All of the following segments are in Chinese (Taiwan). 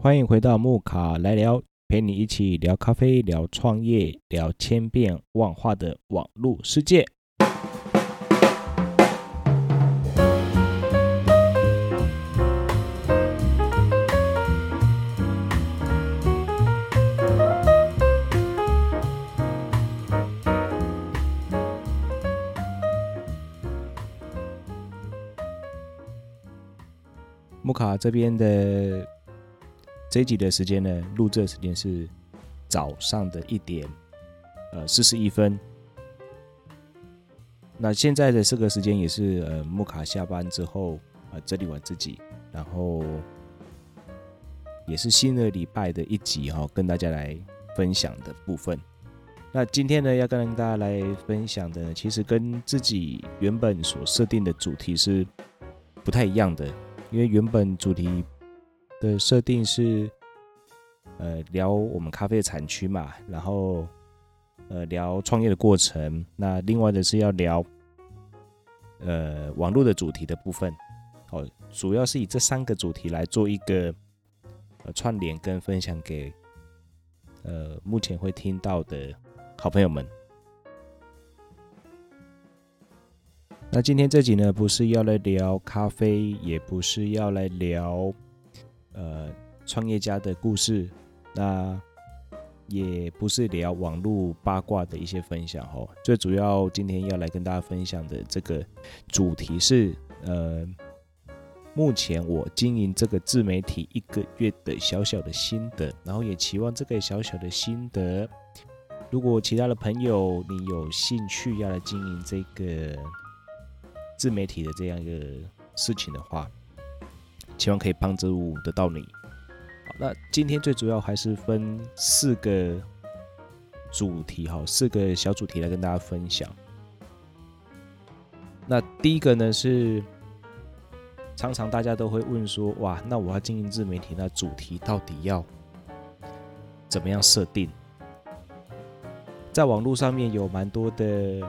歡迎回到木卡來聊，陪你一起聊咖啡，聊創業，聊千變萬化的網絡世界。木卡這邊的。這一集的時間呢，錄制的時間是早上的一點，呃，四十一分。那現在的這個時間也是呃木卡下班之後，呃整理完自己，然後也是新的禮拜的一集哈、哦，跟大家來分享的部分。那今天呢，要跟大家來分享的，其實跟自己原本所設定的主題是不太一樣的，因為原本主題。的設定是，呃，聊我們咖啡的產區嘛，然後，呃，聊創業的過程。那另外的是要聊，呃，網絡的主題的部分。哦，主要是以這三個主題來做一個，呃，串聯跟分享給，呃，目前會聽到的好朋友們。那今天這集呢，不是要來聊咖啡，也不是要來聊。呃，創業家的故事，那也不是聊網絡八卦的一些分享哦，最主要今天要來跟大家分享的這個主題是，呃，目前我經營這個自媒體一個月的小小的心得，然後也期望這個小小的心得，如果其他的朋友你有興趣要來經營這個自媒體的這樣一個事情的話。希望可以幫助得到你。好，那今天最主要還是分四個主題哈，四個小主題來跟大家分享。那第一個呢是，常常大家都會問說，哇，那我要經營自媒體，那主題到底要怎麼樣設定？在網絡上面有蠻多的，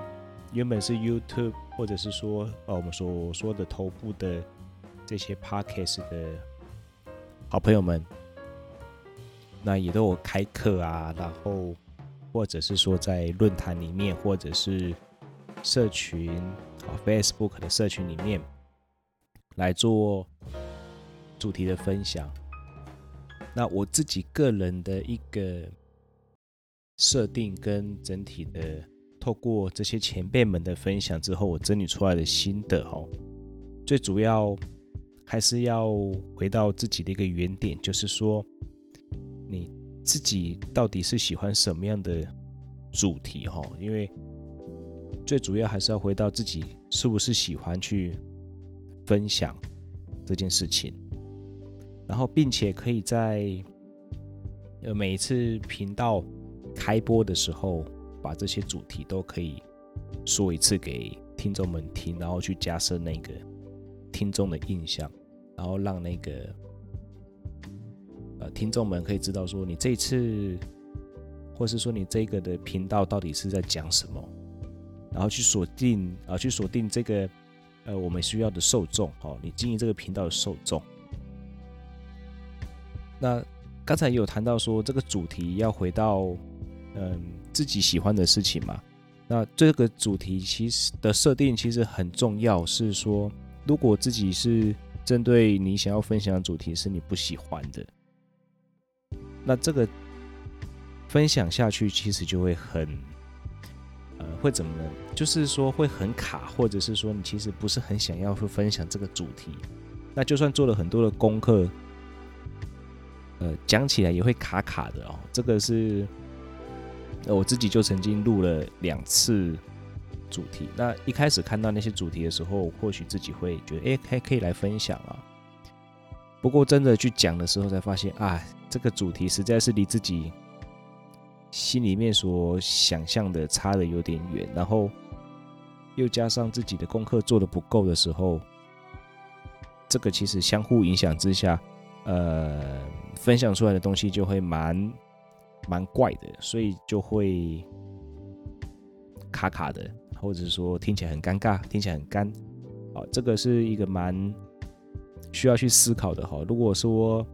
原本是 YouTube 或者是說呃我們所說的頭部的。這些 podcast 的好朋友們，那也都有開課啊，然後或者是說在論壇裡面，或者是社群、oh, Facebook 的社群裡面來做主題的分享。那我自己個人的一個設定跟整體的，透過這些前輩們的分享之後，我整理出來的心得哦，最主要。還是要回到自己的一個原點，就是說你自己到底是喜歡什麼樣的主題哈？因為最主要還是要回到自己是不是喜歡去分享這件事情，然後並且可以在呃每一次頻道開播的時候，把這些主題都可以說一次給聽眾們聽，然後去加深那個聽眾的印象。然後讓那個、呃、聽眾們可以知道說，你這一次，或是說你這個的頻道到底是在講什麼，然後去鎖定啊、呃，去鎖定這個呃我們需要的受眾哦，你經營這個頻道的受眾。那剛才有談到說這個主題要回到嗯、呃、自己喜歡的事情嘛。那這個主題其實的設定其實很重要，是說如果自己是。針對你想要分享的主題是你不喜歡的，那這個分享下去其實就會很，呃，會怎麼呢？就是說會很卡，或者是說你其實不是很想要會分享這個主題，那就算做了很多的功課，呃，講起來也會卡卡的哦。這個是我自己就曾經錄了兩次。主題，那一開始看到那些主題的時候，或許自己會覺得，哎，還可以來分享啊。不過真的去講的時候，才發現啊，這個主題實在是離自己心裡面所想象的差的有點遠。然後又加上自己的功課做得不夠的時候，這個其實相互影響之下，呃，分享出來的東西就會蠻蠻怪的，所以就會卡卡的。或者說聽起來很尷尬，聽起來很乾，好，這個是一個蠻需要去思考的哈。如果說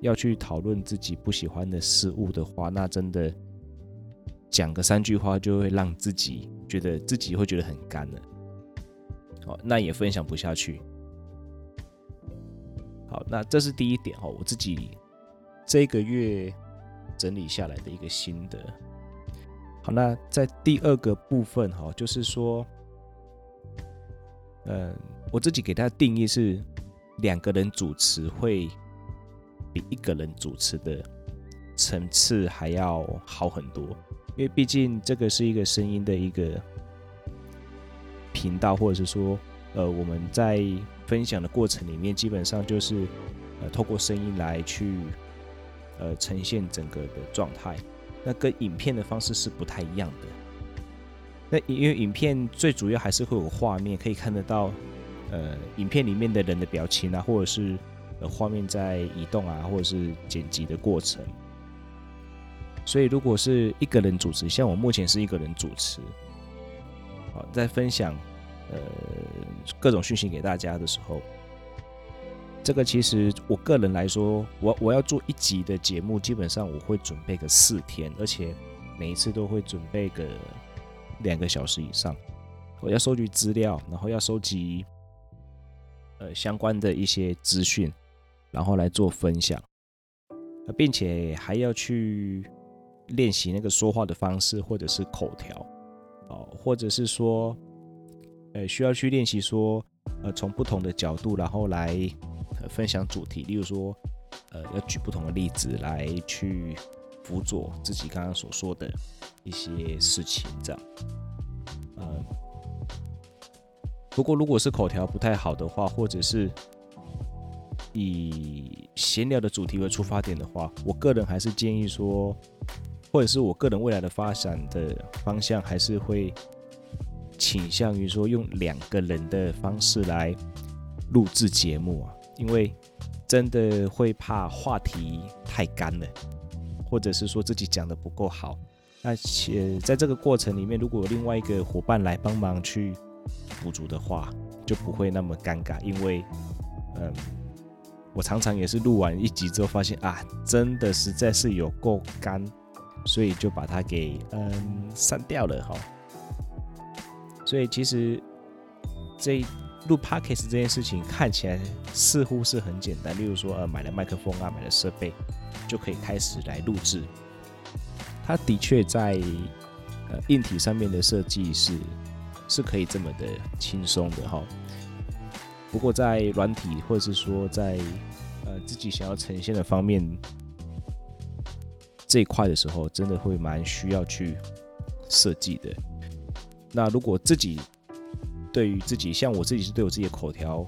要去討論自己不喜歡的事物的話，那真的講個三句話就會讓自己覺得自己會覺得很乾了，哦，那也分享不下去。好，那這是第一點哦，我自己這個月整理下來的一個心得。好，那在第二個部分哈，就是說，呃，我自己給它的定義是，兩個人主持會比一個人主持的層次還要好很多，因為畢竟這個是一個聲音的一個頻道，或者是說，呃，我們在分享的過程裡面，基本上就是呃，透過聲音來去呃呈現整個的狀態。那跟影片的方式是不太一樣的。那因為影片最主要還是會有畫面可以看得到，呃，影片裡面的人的表情啊，或者是呃畫面在移動啊，或者是剪輯的過程。所以如果是一個人主持，像我目前是一個人主持，好，在分享呃各種訊息給大家的時候。這個其實我個人來說，我我要做一集的節目，基本上我會準備個四天，而且每一次都會準備個兩個小時以上。我要收集資料，然後要收集呃相關的一些資訊，然後來做分享，並且還要去練習那個說話的方式，或者是口條，哦，或者是說呃需要去練習說呃從不同的角度，然後來。分享主題，例如說，呃，要舉不同的例子來去輔佐自己剛剛所說的一些事情，這樣。呃、嗯，不過如果是口條不太好的話，或者是以閒聊的主題為出發點的話，我個人還是建議說，或者是我個人未來的發展的方向，還是會傾向於說用兩個人的方式來錄制節目啊。因為真的會怕話題太乾了，或者是說自己講的不夠好，而且在這個過程裡面，如果有另外一個夥伴來幫忙去補足的話，就不會那麼尷尬。因為，嗯，我常常也是錄完一集之後，發現啊，真的實在是有夠乾，所以就把它給嗯刪掉了哈。所以其實這一。錄 podcast 這件事情看起來似乎是很簡單，例如說，呃，買了麥克風啊，買了設備，就可以開始來錄製。它的確在呃硬體上面的設計是是可以這麼的輕鬆的哈。不過在軟體或者是說在呃自己想要呈現的方面這一塊的時候，真的會蠻需要去設計的。那如果自己對於自己，像我自己是對我自己的口條，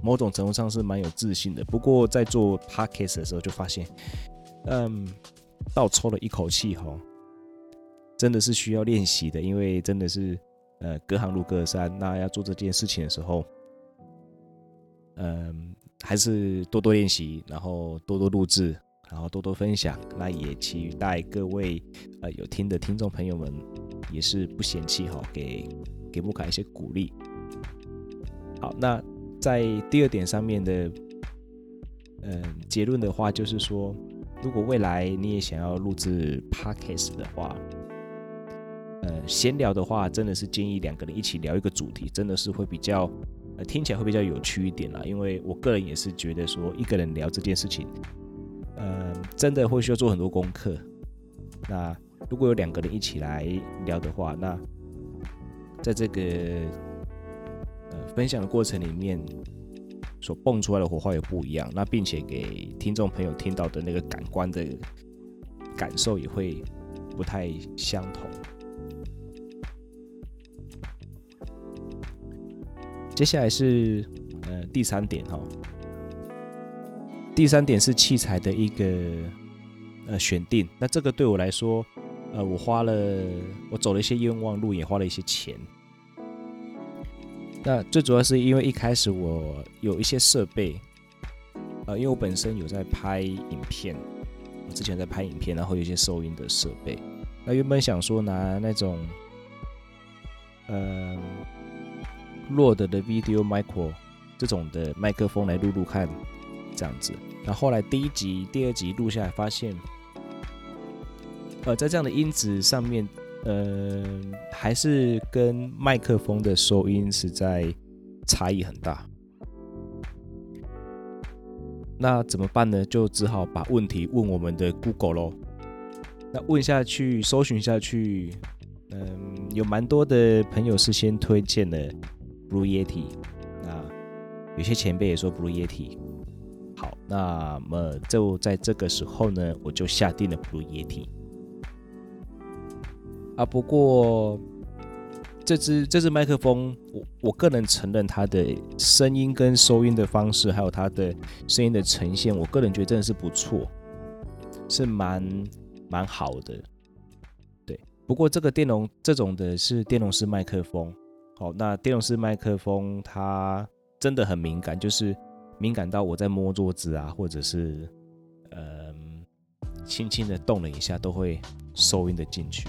某種程度上是蠻有自信的。不過在做 podcast 的時候就發現，嗯，倒抽了一口氣，哦，真的是需要練習的。因為真的是，呃，嗯，隔行如隔山。那要做這件事情的時候，嗯，還是多多練習，然後多多錄製，然後多多分享。那也期待各位呃有聽的聽眾朋友們也是不嫌棄哈，哦，給。給木卡一些鼓勵。好，那在第二點上面的，嗯，結論的話，就是說，如果未來你也想要錄製 Podcast 的話，呃，閒聊的話，真的是建議兩個人一起聊一個主題，真的是會比較，呃，聽起來會比較有趣一點啦。因為我個人也是覺得說，一個人聊這件事情，嗯，真的會需要做很多功課。那如果有兩個人一起來聊的話，那在這個、呃、分享的過程裡面，所蹦出來的火花也不一樣，那並且給聽眾朋友聽到的那個感官的感受也會不太相同。接下來是呃第三點哈，第三點是器材的一個呃選定，那這個對我來說。呃，我花了，我走了一些冤枉路，也花了一些錢。那最主要是因為一開始我有一些設備，呃，因為我本身有在拍影片，我之前在拍影片，然後有一些收音的設備。那原本想說拿那種，呃，Rode 的 Video Micro 這種的麥克風來錄錄看，這樣子。那後,後來第一集、第二集錄下來，發現。呃，在這樣的音質上面，呃、嗯，還是跟麥克風的收音實在差異很大。那怎麼辦呢？就只好把問題問我們的 Google 嘍。那問下去，搜尋下去，嗯，有蠻多的朋友事先推薦了 Blue Yeti，那有些前輩也說 Blue Yeti。好，那麼就在這個時候呢，我就下定了 Blue Yeti。啊，不過這只這只麥克風，我我個人承認它的聲音跟收音的方式，還有它的聲音的呈現，我個人覺得真的是不錯，是蠻蠻好的。對，不過這個電容這種的是電容式麥克風，好，那電容式麥克風它真的很敏感，就是敏感到我在摸桌子啊，或者是嗯輕輕的動了一下，都會收音的進去。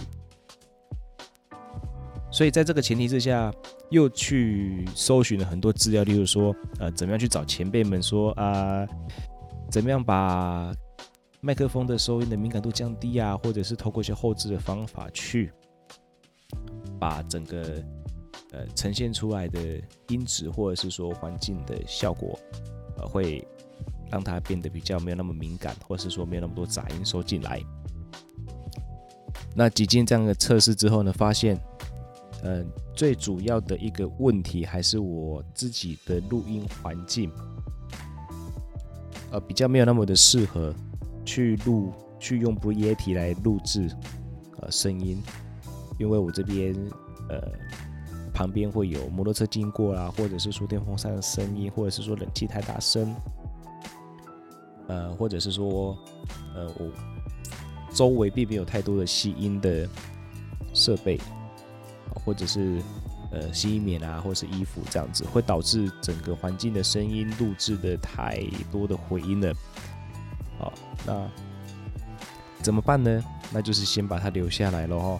所以在這個前提之下，又去搜尋了很多資料，例如說，呃，怎麼樣去找前輩們說啊、呃，怎麼樣把麥克風的收音的敏感度降低啊，或者是透過一些後製的方法去把整個呃呈現出來的音質，或者是說環境的效果，呃，會讓它變得比較沒有那麼敏感，或是說沒有那麼多雜音收進來。那幾經這樣的測試之後呢，發現。呃、嗯，最主要的一個問題還是我自己的錄音環境，呃，比較沒有那麼的適合去錄、去用 Blue Yeti 來錄製呃聲音，因為我這邊呃旁邊會有摩托車經過啊，或者是說電風扇的聲音，或者是說冷氣太大聲，呃，或者是說呃我周圍並沒有太多的吸音的設備。或者是呃吸音棉啊，或是衣服這樣子，會導致整個環境的聲音錄製的太多的回音了。好，那怎麼辦呢？那就是先把它留下來了哦，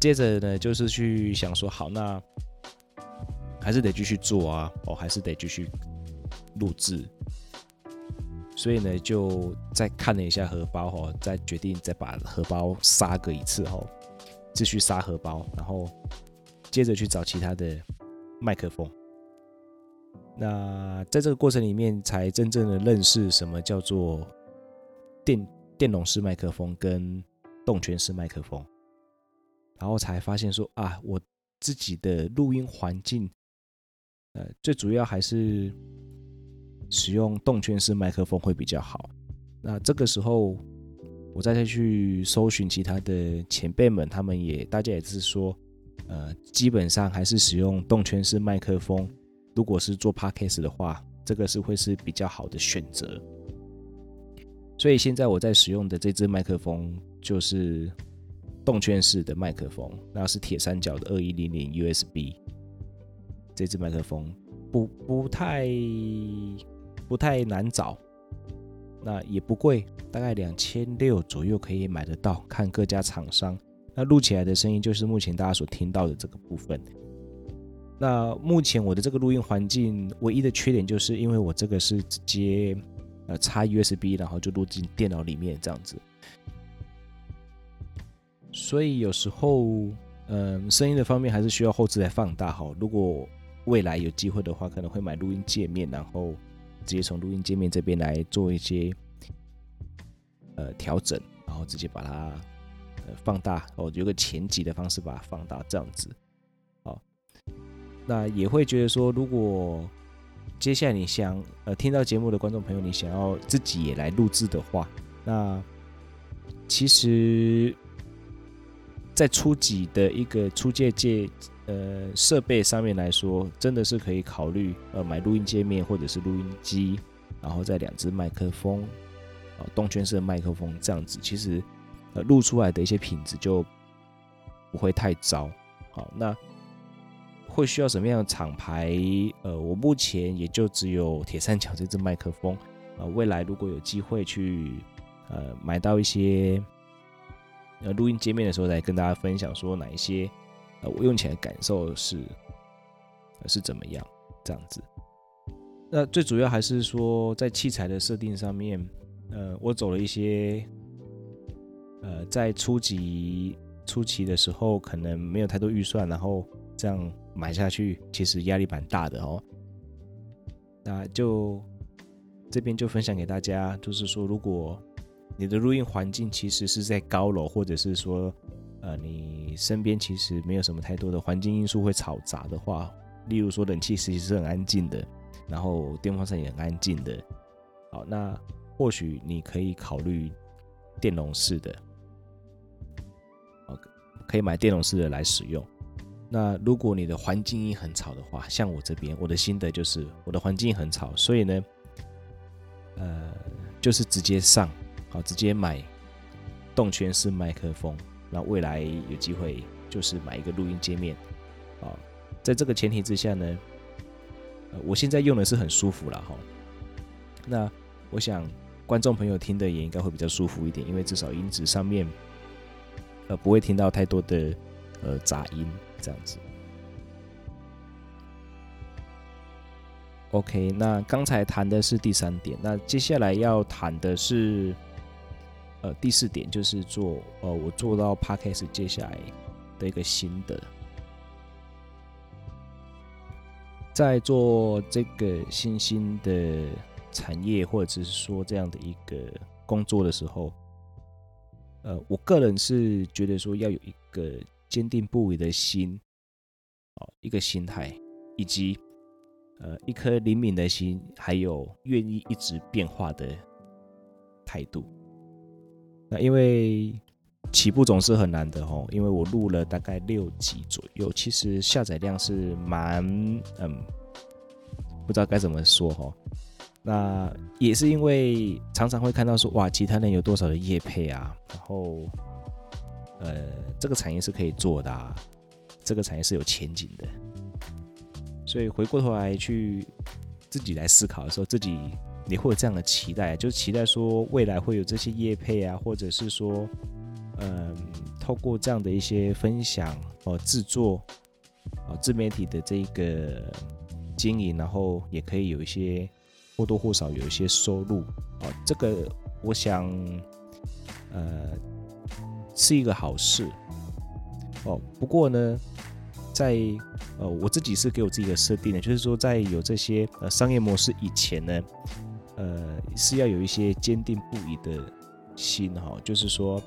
接着呢，就是去想說，好，那還是得繼續做啊，哦，還是得繼續錄製。所以呢，就再看了一下荷包哦，再決定再把荷包殺個一次哦。是去殺荷包，然後接着去找其他的麥克風。那在這個過程裡面，才真正的認識什麼叫做電電容式麥克風跟動圈式麥克風，然後才發現說啊，我自己的錄音環境，呃，最主要還是使用動圈式麥克風會比較好。那這個時候。我再再去搜尋其他的前輩們，他們也大家也是說，呃，基本上還是使用動圈式麥克風。如果是做 Podcast 的話，這個是會是比較好的選擇。所以現在我在使用的這支麥克風就是動圈式的麥克風，那是鐵三角的二一零零 USB 這支麥克風不，不不太不太難找，那也不貴，大概兩千六左右可以買得到，看各家廠商，那錄起來的聲音就是目前大家所聽到的這個部分。那目前我的這個錄音環境唯一的缺點就是，因為我這個是直接呃插 USB，然後就錄進電腦裡面這樣子。所以有時候，嗯，聲音的方面還是需要後置來放大哈。如果未來有機會的話，可能會買錄音介面，然後。直接從錄音界面，這邊來做一些呃調整，然後直接把它呃放大哦、喔，有個前級的方式把它放大這樣子。好，那也會覺得說，如果接下來你想呃聽到節目的觀眾朋友，你想要自己也來錄製的話，那其實，在初級的一個初階階，呃，設備上面來說，真的是可以考慮呃買錄音界面，或者是錄音機，然後再兩支麥克風，呃，動圈式的麥克風這樣子，其實呃錄出來的一些品質就不會太糟。好，那會需要什麼樣的廠牌？呃，我目前也就只有鐵三角這支麥克風。呃，未來如果有機會去呃買到一些呃錄音界面的時候，再跟大家分享說哪一些。呃，我用起來感受是，是怎麼樣這樣子？那最主要還是說，在器材的設定上面，呃，我走了一些，呃，在初級初期的時候，可能沒有太多預算，然後這樣買下去，其實壓力蠻大的哦。那就這邊就分享給大家，就是說，如果你的錄音環境其實是在高樓，或者是說，呃，你。你身邊其實沒有什麼太多的環境因素會吵雜的話，例如說冷氣其實是很安靜的，然後電風扇也很安靜的。好，那或許你可以考慮電容式的，好，可以買電容式的來使用。那如果你的環境音很吵的話，像我這邊，我的心得就是我的環境很吵，所以呢，呃，就是直接上，好，直接買動圈式麥克風。那未來有機會就是買一個錄音界面，啊，在這個前提之下呢，呃，我現在用的是很舒服了哈。那我想觀眾朋友聽的也應該會比較舒服一點，因為至少音質上面，呃，不會聽到太多的呃雜音這樣子。OK，那剛才談的是第三點，那接下來要談的是，呃，第四點就是做呃，我做到 podcast 接下來的一個心得，在做這個新興的產業或者是說這樣的一個工作的時候，呃，我個人是覺得說要有一個堅定不移的心，哦、呃，一個心態，以及呃，一顆靈敏的心，還有願意一直變化的態度。那因為起步總是很難的吼，因為我錄了大概六集左右，其實下載量是蠻，嗯，不知道該怎麼說吼。那也是因為常常會看到說，哇，其他人有多少的業配啊，然後，呃，這個產業是可以做的啊，這個產業是有前景的。所以回過頭來去自己來思考的時候，自己。你會有這樣的期待，就期待說未來會有這些業配啊，或者是說，嗯，透過這樣的一些分享、哦、呃、制作、呃，自媒體的這個經營，然後也可以有一些或多或少有一些收入、呃、這個我想，呃，是一個好事，哦、呃。不過呢，在呃我自己是給我自己的設定的，就是說在有這些呃商業模式以前呢。呃，是要有一些堅定不移的心哈、哦，就是說，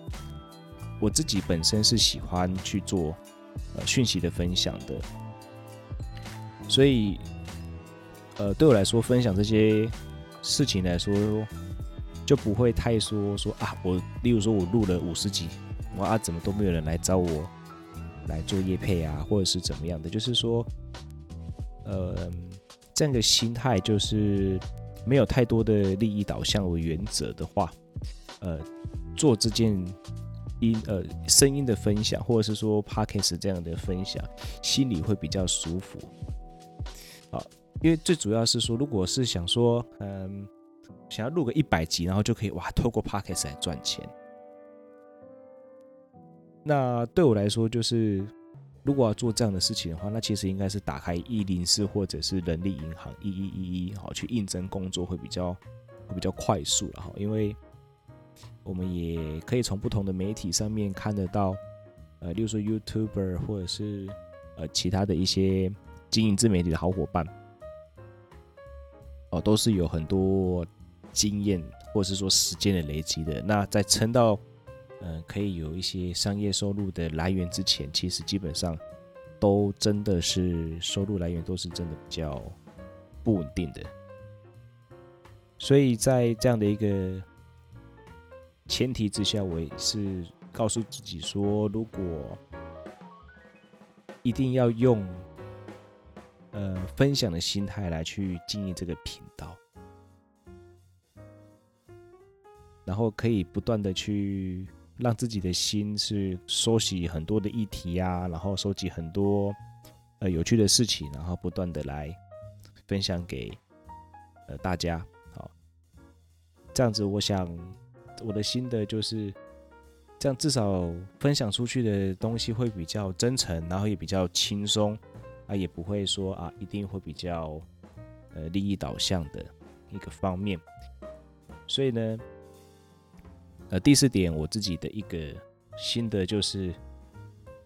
我自己本身是喜歡去做呃訊息的分享的，所以，呃，對我來說，分享這些事情來說，就不會太說說啊，我例如說，我錄了五十集，我啊怎麼都沒有人來找我來做業配啊，或者是怎麼樣的，就是說，呃，這樣的心態就是。沒有太多的利益導向為原則的話，呃，做這件音呃聲音的分享，或者是說 podcast 這樣的分享，心裡會比較舒服。好，因為最主要是說，如果是想說，嗯，想要錄個一百集，然後就可以哇，透過 podcast 來賺錢。那對我來說就是。如果要做這樣的事情的話，那其實應該是打開一零四或者是人力銀行一一一一好去應徵工作會比較會比較快速了哈，因為我們也可以從不同的媒體上面看得到，呃，例如說 YouTuber 或者是呃其他的一些經營自媒體的好夥伴，哦，都是有很多經驗或者是說時間的累積的，那再撐到。嗯，可以有一些商業收入的來源之前，其實基本上，都真的是收入來源都是真的比較不穩定的，所以在這樣的一個前提之下，我也是告訴自己說，如果一定要用，呃，分享的心態來去經營這個頻道，然後可以不斷的去。讓自己的心是收集很多的議題啊，然後收集很多呃有趣的事情，然後不斷的來分享給呃大家。好，這樣子，我想我的心得就是這樣，至少分享出去的東西會比較真誠，然後也比較輕鬆啊，也不會說啊一定會比較呃利益導向的一個方面。所以呢。呃，第四點，我自己的一個心得就是，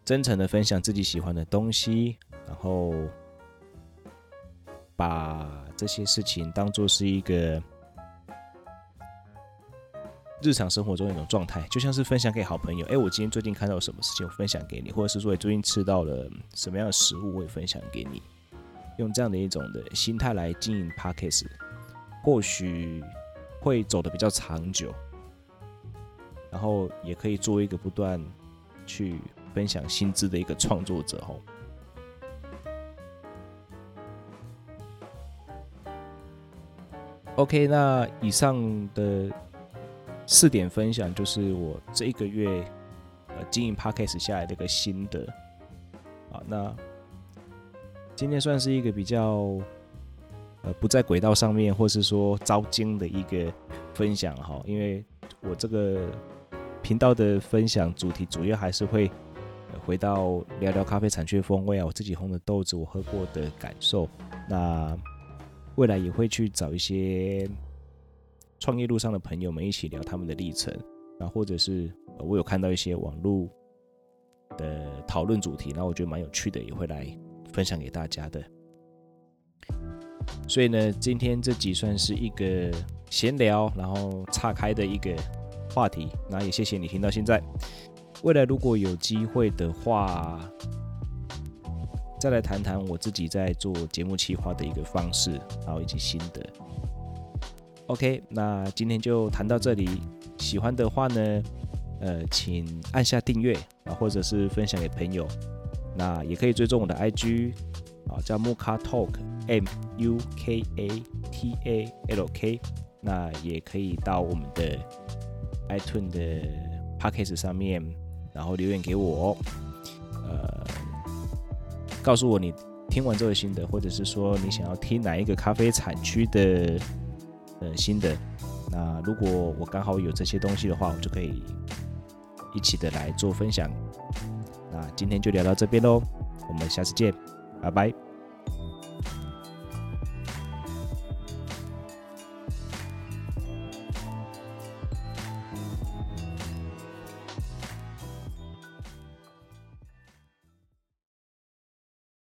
真誠的分享自己喜歡的東西，然後把這些事情當做是一個日常生活中的一種狀態，就像是分享給好朋友，誒、欸，我今天最近看到什麼事情，我分享給你，或者是說，我最近吃到了什麼樣的食物，我也分享給你，用這樣的一種的心態來經營 Podcast，或許會走的比較長久。然後也可以做一個不斷去分享新知的一個創作者哦。OK，那以上的四點分享就是我這一個月、呃、經營 Podcast 下來的一個心得啊。那今天算是一個比較呃不在軌道上面，或是說糟心的一個分享哈、哦，因為我這個。頻道的分享主題主要還是會回到聊聊咖啡產區風味啊，我自己烘的豆子、我喝過的感受，那未來也會去找一些創業路上的朋友們一起聊他們的歷程，啊，或者是我有看到一些網絡的討論主題，那我覺得蠻有趣的，也會來分享給大家的。所以呢，今天這集算是一個閒聊，然後岔開的一個話題，那也謝謝你聽到現在。未來如果有機會的話，再來談談我自己在做節目企劃的一個方式，然後以及心得。OK，那今天就談到這裡。喜歡的話呢，呃，請按下訂閱啊，或者是分享給朋友。那也可以追蹤我的 IG 啊，叫 Muka Talk M U K A T A L K。A T A、L K，那也可以到我們的。iTunes 的 Podcast 上面，然後留言給我，哦，呃，告訴我你聽完這個心得，或者是說你想要聽哪一個咖啡產區的呃心得，那如果我剛好有這些東西的話，我就可以一起的來做分享。那今天就聊到這邊嘍，我們下次見，拜拜。